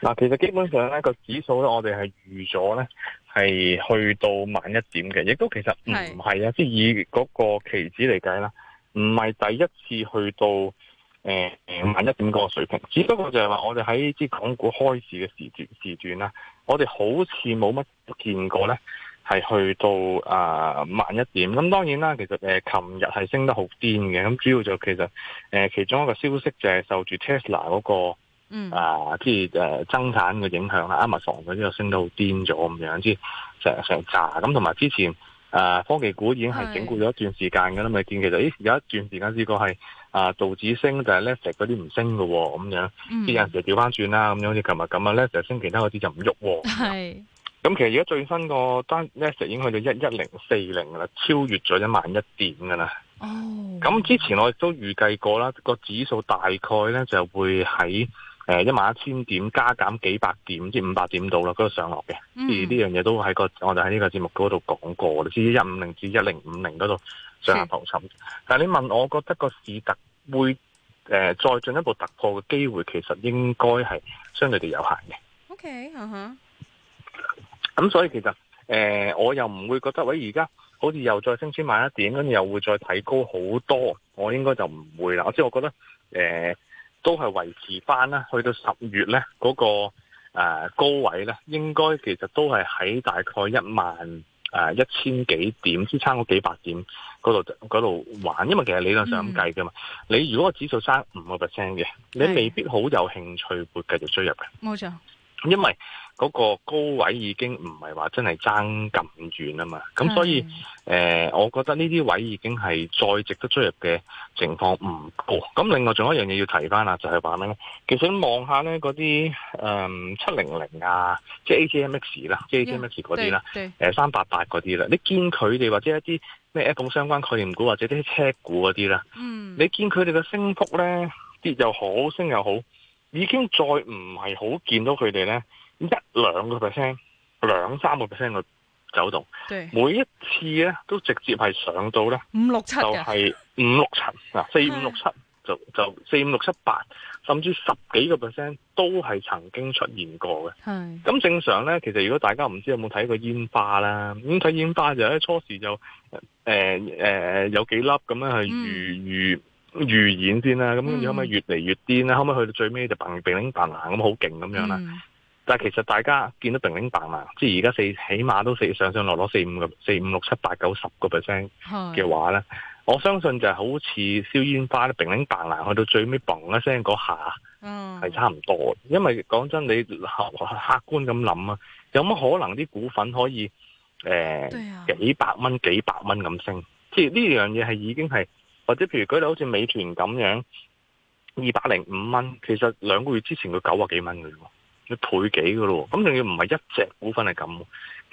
嗱，其實基本上咧、個指數咧，我哋係預咗咧係去到萬一點嘅，亦都其實唔係啊，即係以嗰個期指嚟計啦，唔係第一次去到誒萬一點嗰個水平，只不過就係話我哋喺啲港股開市嘅時段時段啦，我哋好似冇乜見過咧係去到誒萬一點，咁當然啦，其實誒琴日係升得好癲嘅，咁主要就其實誒、呃、其中一個消息就係受住 Tesla 嗰、個嗯，啊，即係誒增產嘅影響啦 Amazon 嗰啲又升到癲咗咁樣，即係成成炸咁。同、啊、埋之前誒、啊、科技股已經係整固咗一段時間噶啦，咪見其實，咦有一段時間試過係啊道指升，嗯、就係 Nasdaq 嗰啲唔升嘅喎，咁樣啲人就調翻轉啦，咁樣好似琴日咁樣 Nasdaq 升，其他啲就唔喐。係，咁其實而家最新個單 Nasdaq 已經去到一一零四零啦，超越咗一萬一點噶啦。哦，咁之前我亦都預計過啦，個指數大概咧就會喺。誒、呃，一萬一千點加減幾百點，至五百點到咯，嗰、那個上落嘅。嗯，而呢樣嘢都喺個，我哋喺呢個節目嗰度講過至於一五零至一零五零嗰度上下浮沉。但係你問我，覺得個市突會誒、呃、再進一步突破嘅機會，其實應該係相對地有限嘅。O、okay, K，、uh -huh. 嗯哼。咁所以其實誒、呃，我又唔會覺得喂，而、呃、家好似又再升穿萬一點，跟住又會再提高好多，我應該就唔會啦。即係我覺得誒。呃都係維持翻啦，去到十月咧嗰、那個誒、呃、高位咧，應該其實都係喺大概一萬誒一、呃、千幾點，先差嗰幾百點嗰度嗰度玩，因為其實理論上咁計噶嘛、嗯。你如果個指數差五個 percent 嘅，你未必好有興趣會繼續追入嘅。冇錯，因為。嗰、那個高位已經唔係話真係爭咁遠啊嘛，咁所以誒、呃，我覺得呢啲位已經係再值得追入嘅情況唔高。咁另外仲有一樣嘢要提翻啦，就係話咩咧？其實你望下咧嗰啲誒七零零啊，即係 ATMX 啦，ATMX 嗰啲啦，誒三八八嗰啲啦，你見佢哋或者一啲咩 Apple 相關概念股或者啲車股嗰啲啦、嗯，你見佢哋嘅升幅咧跌又好，升又好，已經再唔係好見到佢哋咧。一兩個 percent，兩三個 percent 嘅走動，每一次咧都直接係上到咧五六七就係五六層啊，四五六七就就四五六七八，甚至十幾個 percent 都係曾經出現過嘅。咁正常咧，其實如果大家唔知有冇睇過煙花啦，咁睇煙花就喺初時就誒誒、呃呃、有幾粒咁樣去預預預演先啦，咁、嗯、你可唔可以越嚟越癲啦，後尾去到最尾就嘭嘭零嘭硬咁好勁咁樣啦。但係其實大家見到乒鈴嘭唥，即係而家四起碼都四上上落落四五、四五六七八九十個 percent 嘅話咧，我相信就係好似燒煙花咧乒鈴嘭唥，去到最尾嘣一聲嗰下，嗯係差唔多。因為講真，你客客觀咁諗啊，有乜可能啲股份可以誒、呃、幾百蚊幾百蚊咁升？即係呢樣嘢係已經係或者譬如舉例好像，好似美團咁樣二百零五蚊，其實兩個月之前佢九十幾蚊嘅啫。一倍幾嘅咯，咁仲要唔係一隻股份係咁，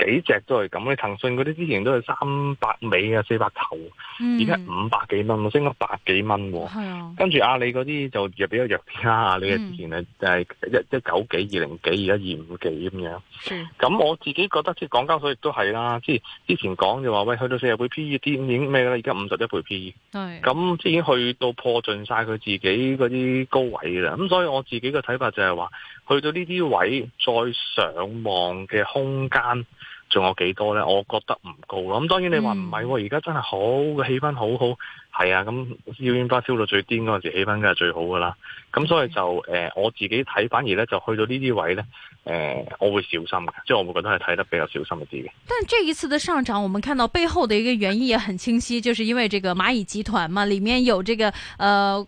幾隻都係咁。你騰訊嗰啲之前都係三百尾啊，四百頭，而家五百幾蚊，升咗百幾蚊。喎。啊，跟住阿里嗰啲就又比較弱啲啦、嗯。你之前係就係一一九幾、二零幾、而家二五幾咁樣。咁、嗯、我自己覺得即係港交所亦都係啦。即之前講就話喂，去到四十倍 P E，啲已經咩啦？而家五十一倍 P E。係，咁即已經去到破盡晒佢自己嗰啲高位啦。咁所以我自己嘅睇法就係話。去到呢啲位再上望嘅空間仲有幾多呢？我覺得唔高咯。咁當然你話唔係，而、嗯、家真係好氣氛，好好係啊。咁煙花燒到最癲嗰陣時，氣氛梗係、啊嗯、最，最好噶啦。咁所以就誒、呃，我自己睇反而呢就去到呢啲位呢，誒、呃，我會小心嘅，即、嗯、我會覺得係睇得比較小心一啲嘅。但係呢一次嘅上漲，我們看到背後嘅一個原因也很清晰，就係因為這個螞蟻集團嘛，裏面有這個，呃。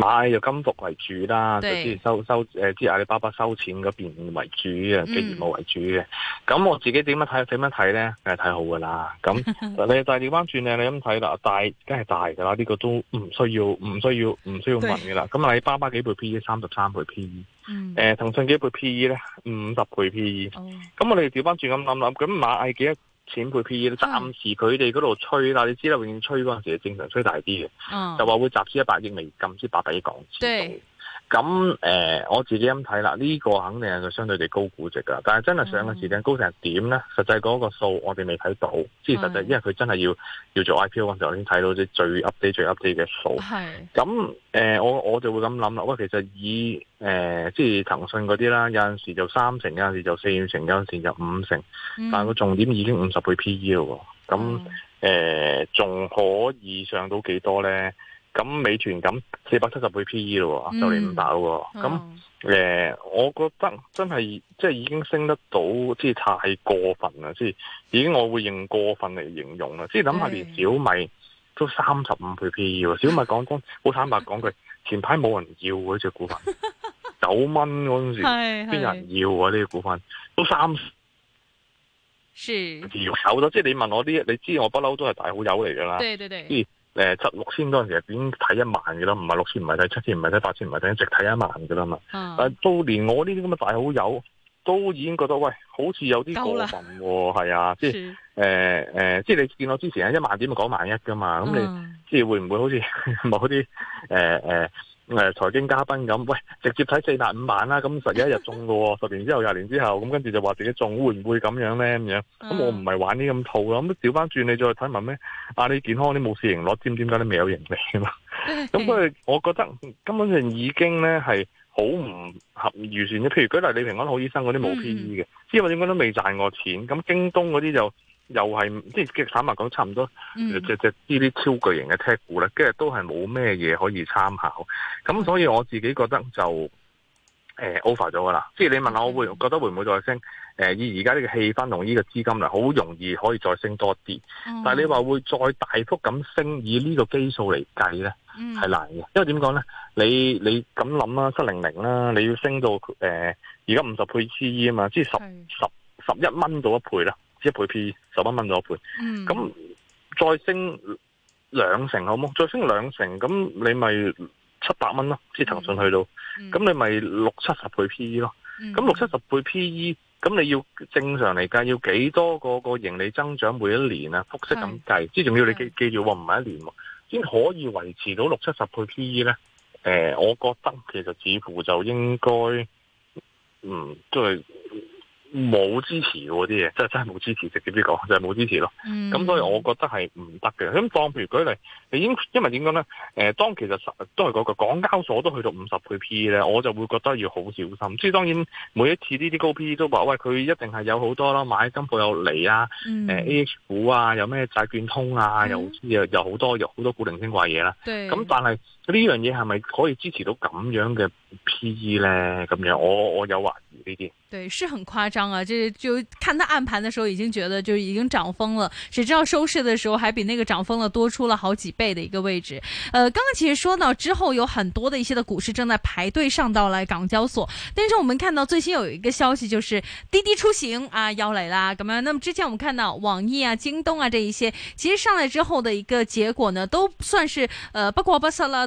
買就金服為主啦，就之前收收誒，即係阿里巴巴收錢嗰邊為主嘅嘅業務為主嘅。咁我自己點樣睇？點樣睇咧？梗係睇好噶啦。咁你就調翻轉咧，你咁睇啦，大梗係大噶啦。呢個都唔需要，唔需要，唔需要問噶啦。咁阿里巴巴幾倍 P E？三十三倍 P E，誒，騰、嗯、訊、呃、幾倍 P E 咧？五十倍 P E。咁、哦、我哋調翻轉咁諗諗，咁螞蟻幾？錢配 P，暫時佢哋嗰度吹啦、啊，你知啦，永遠吹嗰陣時正常吹大啲嘅、嗯，就話會集資一百億美金，即八百億港紙。對。咁誒、呃，我自己咁睇啦，呢、這個肯定係佢相對地高估值噶，但係真係上嘅時間高成點咧？實際嗰個數我哋未睇到，即係實際，因為佢真係要要做 IPO 嗰時候已經睇到啲最 update 最 update 嘅數。係。咁誒，我、呃、我，我就會咁諗啦。喂，其實以誒、呃，即係騰訊嗰啲啦，有陣時就三成，有陣時就四成，有陣時就五成。但係個重點已經五十倍 P E 咯。咁誒、仲、嗯嗯呃、可以上到幾多咧？咁美團咁四百七十倍 PE 咯，就你唔打喎。咁誒、嗯呃，我覺得真係即係已經升得到，即係太過分啦！即係已經我會認過分嚟形容啦。即係諗下，連小米都三十五倍 PE 喎、嗯。小米講真，好坦白講句， 前排冇人要嗰隻、這個、股份，九蚊嗰陣時邊 有人要喎。呢、這個股份都三十，是有咗。即係你問我啲，你知我不嬲都係大好友嚟噶啦。對對對。誒、呃，七六千嗰陣時已經睇一萬嘅啦，唔係六千，唔係睇七千，唔係睇八千，唔係睇，直睇一萬嘅啦嘛。啊、嗯，但到連我呢啲咁嘅大好友都已經覺得，喂，好似有啲過分喎，係啊，即係誒誒，即係、啊呃呃呃呃呃、你見我之前啊，一萬點就講萬一噶嘛，咁你即係、嗯、會唔會好似某啲誒誒？呵呵。誒、呃，財經嘉賓咁，喂，直接睇四大五萬啦，咁十一日中嘅喎，十年之後、廿年之後，咁跟住就話自己仲會唔會咁樣咧咁樣？咁我唔係玩啲咁套咯，咁調翻轉你再睇埋咩阿里健康啲冇市盈率，尖點解都未有盈利嘅嘛？咁佢，我覺得根本上已經咧係好唔合預算。嘅譬如舉例，你平安好醫生嗰啲冇 P E 嘅，因為點解都未賺過錢？咁京東嗰啲就。又係即係坦白講，差唔多即係呢啲超巨型嘅 tech 股咧，跟、嗯、住都係冇咩嘢可以參考。咁、嗯、所以我自己覺得就誒 over 咗噶啦。即係你問下我會覺得會唔會再升？誒、呃，以而家呢個氣氛同呢個資金量，好容易可以再升多啲、嗯。但係你話會再大幅咁升，以呢個基數嚟計咧，係、嗯、難嘅。因為點講咧？你你咁諗啦，七零零啦，你要升到誒而家五十倍 c e 啊嘛，即係十十十一蚊到一倍啦。一倍 PE，十蚊蚊咗一倍。咁再升兩成好冇？再升兩成，咁你咪七百蚊咯，即係騰訊去到，咁、嗯、你咪六七十倍 P E 咯？咁六七十倍 P E，咁你要正常嚟計，要幾多個個盈利增長每一年啊？複息咁計，即仲要你記記住，唔係一年先可以維持到六七十倍 P E 咧。誒、呃，我覺得其實指數就應該，嗯，即係。冇支持嗰啲嘢，真係真係冇支持直接呢個，就係冇支持咯。咁、嗯、所以我覺得係唔得嘅。咁當譬如舉例，你因因為點講咧？誒、呃，當其實都係嗰、那個港交所都去到五十倍 P 咧，我就會覺得要好小心。所以當然每一次呢啲高 P 都話喂，佢一定係有好多啦，買金股有嚟啊，誒、嗯呃、A H 股啊，有咩債券通啊，又又又好多又好多古靈精怪嘢啦。咁但係。呢樣嘢，係咪可以支持到咁樣嘅 P E 呢？咁樣我我有懷疑呢啲。對，是很誇張啊！就是，就看它暗盤的時候已經覺得就已經漲瘋了，誰知道收市的時候還比那個漲瘋了多出了好幾倍的一個位置。呃，剛剛其實說到之後有很多的一些的股市正在排隊上到嚟港交所，但是我們看到最新有一個消息，就是滴滴出行啊，要嚟啦咁樣。那麼之前我們看到網易啊、京東啊這一些，其實上來之後的一個結果呢，都算是呃不過不失啦。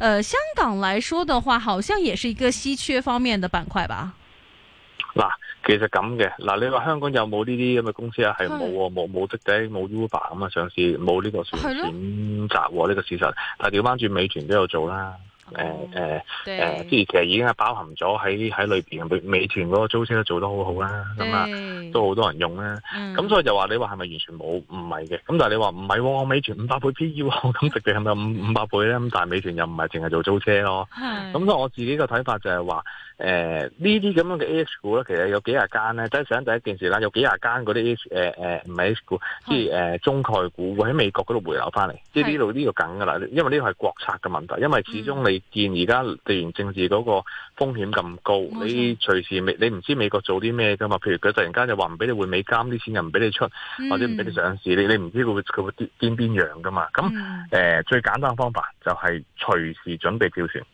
誒、呃，香港來說的話，好像也是一個稀缺方面的板塊吧？嗱，其實咁嘅嗱，你話香港有冇呢啲咁嘅公司啊？係冇，冇冇滴滴，冇 Uber 咁啊，上市冇呢個選擇呢、這個事實。但係調翻轉美團都有做啦。誒誒誒，即、嗯、係、嗯、其實已經係包含咗喺喺裏邊美美團嗰個租車都做得好好啦，咁啊都好多人用啦。咁、嗯、所以就話你話係咪完全冇？唔係嘅。咁但係你話唔係喎，美團五百倍 P E，咁直接係咪五五百倍咧？咁但係美團又唔係淨係做租車咯。咁所以我自己嘅睇法就係話。誒、呃，這這呢啲咁樣嘅 a 股咧，其實有幾廿間咧，即係想第一件事啦，有幾廿間嗰啲 A 誒誒唔係 A 股，即係誒中概股喺美國嗰度回流翻嚟，即係呢度呢個梗噶啦，因為呢個係國策嘅問題，因為始終你見而家地緣政治嗰個風險咁高，你隨時你唔知美國做啲咩噶嘛，譬如佢突然間就話唔俾你換美金啲錢又唔俾你出，嗯、或者唔俾你上市，你你唔知佢會佢會跌邊樣噶嘛，咁誒、嗯呃、最簡單方法就係隨時準備跳船，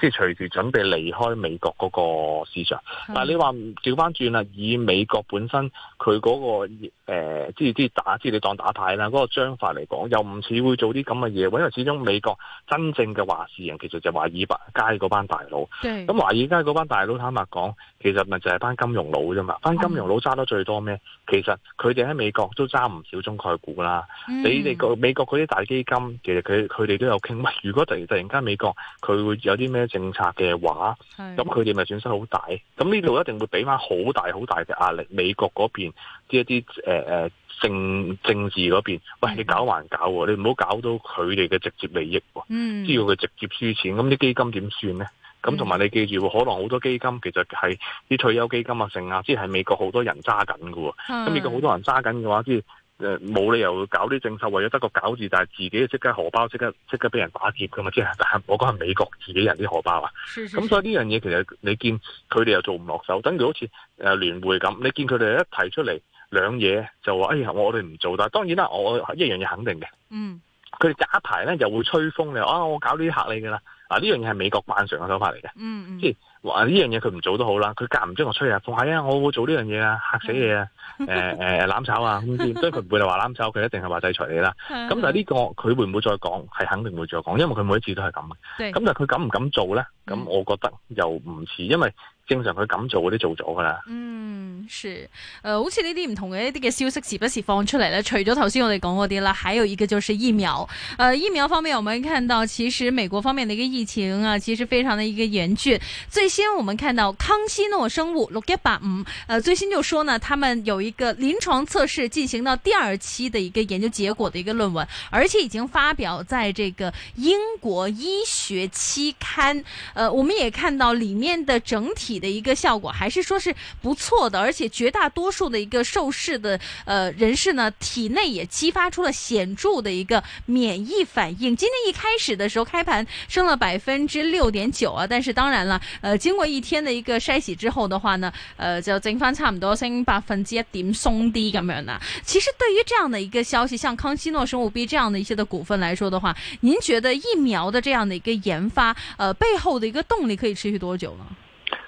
即係隨時準備離開美國個市場，但係你話調翻轉啊，以美國本身佢嗰個。誒、呃，即係啲打，即係你當打牌啦。嗰，那個章法嚟講，又唔似會做啲咁嘅嘢。因為始終美國真正嘅話事人，其實就華爾街嗰班大佬。咁華爾街嗰班大佬坦白講，其實咪就係班金融佬啫嘛。班金融佬揸得最多咩？嗯？其實佢哋喺美國都揸唔少中概股啦，嗯。你哋美國嗰啲大基金，其實佢佢哋都有傾。如果突然突然間美國佢會有啲咩政策嘅話，咁佢哋咪損失好大。咁呢度一定會俾翻好大好大嘅壓力，美國嗰邊。啲一啲誒誒政政治嗰邊，喂，你搞還搞喎，你唔好搞到佢哋嘅直接利益喎，嗯，只要佢直接輸錢，咁啲基金點算咧？咁同埋你記住，可能好多基金其實係啲退休基金啊，剩啊，即係美國好多人揸緊嘅喎，咁美國好多人揸緊嘅話，即係誒冇理由搞啲政策，為咗得個搞字，但係自己即刻荷包即刻即刻俾人打劫嘅嘛，即係，但係我講係美國自己人啲荷包啊，咁所以呢樣嘢其實你見佢哋又做唔落手，等於好似誒、呃、聯會咁，你見佢哋一提出嚟。兩嘢就話誒、哎，我哋唔做，但係當然啦，我一樣嘢肯定嘅。嗯，佢隔排咧又會吹風嘅，啊，我搞呢啲吓你噶啦，啊呢樣嘢係美國慣常嘅手法嚟嘅。嗯嗯，即係話呢樣嘢佢唔做都好啦，佢夾唔中我吹啊，係啊、哎，我會做呢樣嘢、呃呃、啊，嚇死你啊，誒誒攬炒啊咁先，所以佢唔會話攬炒，佢一定係話制裁你啦。咁、嗯、但係、這、呢個佢會唔會再講？係肯定會再講，因為佢每一次都係咁嘅。咁但係佢敢唔敢做咧？咁我覺得又唔似，因為。經常佢咁做嗰啲做咗噶啦。嗯，是，呃，好似呢啲唔同嘅一啲嘅消息，時不時放出嚟咧。除咗頭先我哋講嗰啲啦，還有一個就是疫苗。呃，疫苗方面，我們看到其實美國方面的一個疫情啊，其實非常的一個嚴峻。最先我們看到康希諾生物六一八五，呃，最新就說呢，他們有一個臨床測試進行到第二期的一個研究結果的一個論文，而且已經發表在這個英國醫學期刊。呃，我們也看到裏面的整體。的一個效果還是說是不錯的，而且絕大多數的一個受試的呃人士呢，體內也激發出了顯著的一個免疫反應。今天一開始的時候開盤升了百分之六點九啊，但是當然了，呃，經過一天的一個篩洗之後的話呢，呃，就淨翻差唔多升百分之一點鬆啲咁樣啦。其實對於這樣的一個消息，像康希諾生物 B 這樣的一些的股份來說的話，您覺得疫苗的這樣的一個研發，呃，背後的一個動力可以持續多久呢？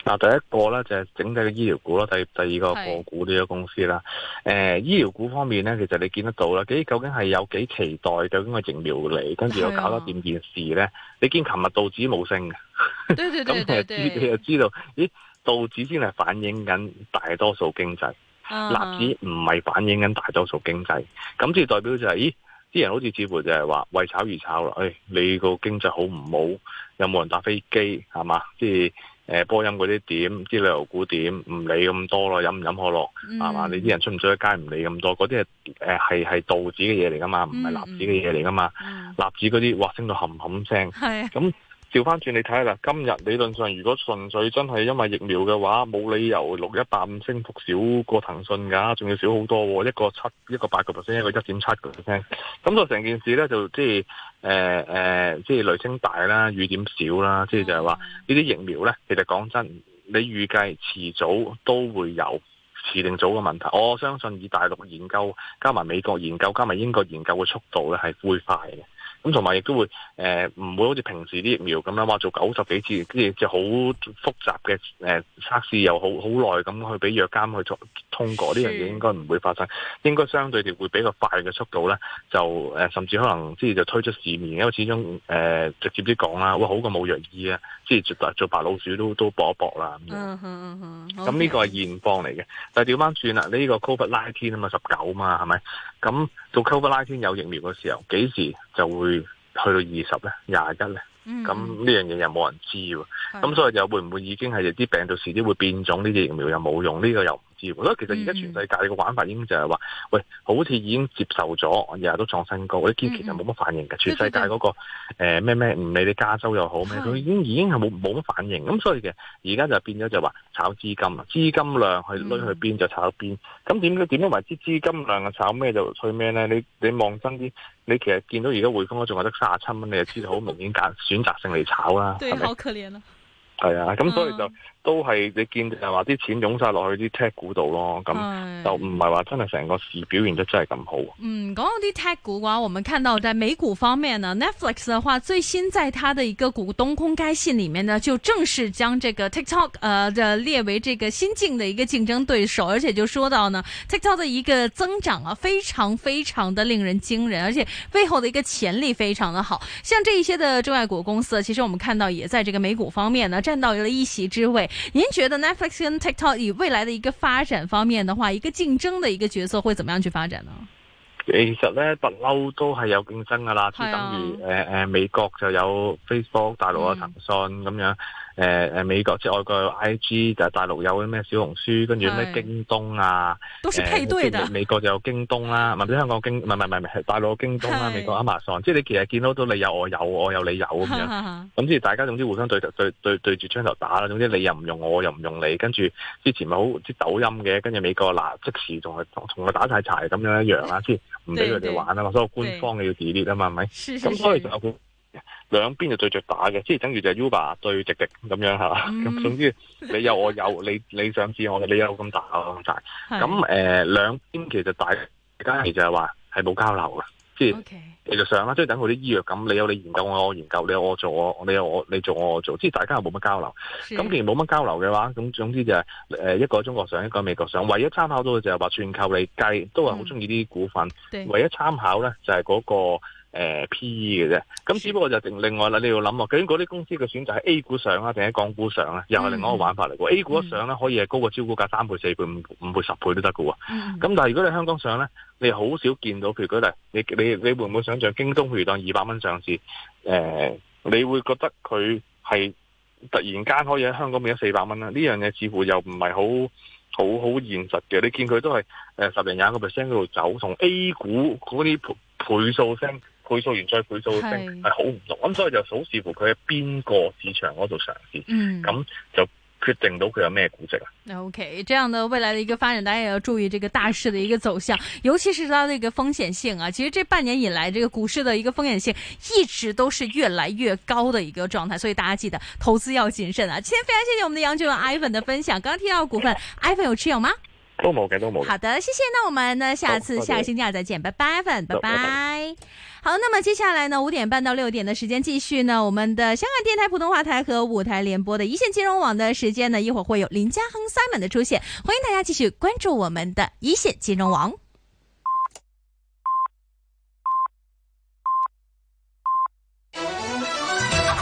嗱，第一個咧就係整體嘅醫療股咯，第第二個個股呢有公司啦。誒、呃，醫療股方面咧，其實你見得到啦。究竟係有幾期待，究竟個疫苗嚟，跟住、啊、又搞得掂件事咧？你見琴日道指冇升嘅，咁你又知你又知道？咦，道指先係反映緊大多數經濟，納、嗯、指唔係反映緊大多數經濟。咁即係代表就係、是，咦，啲人好似似乎就係話為炒而炒咯。誒、哎，你個經濟好唔好？有冇人搭飛機係嘛？即係。誒波音嗰啲點，啲旅遊股點？唔理咁多咯，飲唔飲可樂係、嗯、嘛？你啲人出唔出街唔理咁多，嗰啲係係係道指嘅嘢嚟噶嘛，唔係納指嘅嘢嚟噶嘛，納指嗰啲哇升到冚冚聲，咁。調翻轉你睇下啦，今日理論上如果純粹真係因為疫苗嘅話，冇理由六一八五升幅少過騰訊㗎，仲要少好多。一個七，一個八個 percent，一個一點七個 percent。咁就成件事咧，就即係誒誒即係雷聲大啦，雨點少啦。即係就係話呢啲疫苗咧，其實講真，你預計遲早都會有遲定早嘅問題。我相信以大陸研究加埋美國研究加埋英國研究嘅速度咧，係會快嘅。咁同埋亦都會誒，唔會好似平時啲疫苗咁樣話做九十幾次，跟住就好、是、複雜嘅誒測試又，又好好耐咁去俾藥監去通通過呢樣嘢，應該唔會發生，應該相對地會比較快嘅速度咧，就誒甚至可能即係就推出市面，因為始終誒、呃、直接啲講啦，哇好過冇藥醫啊，即係絕對做白老鼠都都搏一搏啦。嗯哼。咁呢個係現況嚟嘅，但係掉翻轉啦，呢、呢個 Covid nineteen 啊嘛，十九啊嘛係咪？咁到 Covid nineteen 有疫苗嘅時候幾時？就會去到二十咧、廿一咧，咁、mm、呢 -hmm. 樣嘢又冇人知喎，咁、mm -hmm. 所以又會唔會已經係啲病毒遲啲會變種，呢啲疫苗又冇用？呢、呢個又？其實而家全世界嘅玩法已經就係話，喂，好似已經接受咗，日日都創新高，啲堅其實冇乜反應嘅。全世界嗰個誒咩咩，唔理你加州又好咩，佢已經已經係冇冇乜反應。咁所以嘅而家就變咗就話炒資金啊，資金量去濛去邊就炒邊。咁點點樣為之資金量嘅炒咩就去咩咧？你你望真啲，你其實見到而家匯豐都仲係得卅七蚊，你就知道好明顯揀選擇 性嚟炒啦。係咪？好可憐啊！係啊，咁所以就、uh -huh. 都係你見就話啲錢湧晒落去啲 tech 股度咯，咁就唔係話真係成個市表現得真係咁好。嗯，講到啲 tech 股嘅話，我們看到在美股方面呢，Netflix 嘅話最新在它的一個股東公開信裏面呢，就正式將這個 TikTok，呃，的列為這個新晉的一個競爭對手，而且就說到呢，TikTok 的一個增長啊，非常非常的令人驚人，而且背後的一個潛力非常的好，像這一些的中外股公司，其實我們看到也在這個美股方面呢，看到有了一席之位，您覺得 Netflix 跟 TikTok 以未來的一個發展方面的話，一個競爭的一個角色會怎麼樣去發展呢？其實咧不嬲都係有競爭噶啦，就、啊、等於誒誒、呃呃、美國就有 Facebook，大陸啊騰訊咁、嗯、樣。誒、呃、誒，美國即係外國有 I G，就係大陸有啲咩小紅書，跟住咩京東啊、呃，都是配對的。美，美國就有京東啦、啊，或 者香港京，唔係唔係唔係，係大陸有京東啦、啊，美國亞馬遜。即係你其實見到到你有我有，我有你有咁樣，咁即係大家總之互相對對對住槍頭打啦。總之你又唔用，我又唔用你。跟住之前咪好似抖音嘅，跟住美國嗱即時仲係同佢打晒柴咁樣， 樣一樣啦，即係唔俾佢哋玩啊嘛，所以官方嘅要自律啊嘛，係咪？咁所以就。兩邊就對着打嘅，即係等於就 uber 對滴滴咁樣係嘛？咁、嗯、總之你有我有，你你想知我，你有咁大我咁大，咁誒、呃、兩邊其實大家其實係話係冇交流嘅，即係其實上啦，即、就、係、是、等佢啲醫藥咁，你有你研究我我研究，你有我做我，你有我你做我我做，即係大家係冇乜交流，咁既然冇乜交流嘅話，咁總之就係、是、誒、呃、一個中國上一個美國上，唯一參考到嘅就係話全球你計，都係好中意啲股份、嗯，唯一參考咧就係、是、嗰、那個。誒、呃、P E 嘅啫，咁只不過就另另外啦，你要諗喎，究竟嗰啲公司嘅選擇喺 A 股上啊，定喺港股上咧，又係另一個玩法嚟嘅、嗯。A 股一上咧，可以係高過招股價三倍、四倍、五五倍、十倍都得㗎喎。咁、嗯、但係如果你香港上咧，你好少見到。譬如講，你你你會唔會想像京東譬如當二百蚊上市，誒、呃，你會覺得佢係突然間可以喺香港變咗四百蚊啦。呢樣嘢似乎又唔係好好好現實嘅。你見佢都係誒十零廿個 percent 嗰度走，同 A 股嗰啲倍倍數升。倍數完再倍數，定係好唔同咁，所以就好視乎佢喺邊個市場度嘗試，咁、嗯、就決定到佢有咩估值啊。O、okay, K，這樣的未來的一個發展，大家也要注意這個大市的一個走向，尤其是它的那個風險性啊。其實這半年以來，這個股市的一個風險性一直都是越來越高的一個狀態，所以大家記得投資要謹慎啊。今天非常謝謝我們的楊俊文 Ivan 的分享，剛剛提到股份、嗯、Ivan 有持有嗎？都冇嘅，都冇。好的，謝謝。那我們呢？下次、oh, okay. 下個星期二再見，拜、okay. 拜，粉，拜拜。好，那麼接下來呢？五點半到六點的時間繼續呢。我們的香港電台普通話台和五台聯播的一線金融網的時間呢，一會兒會有林嘉亨 Simon 的出現，歡迎大家繼續關注我們的一線金融網。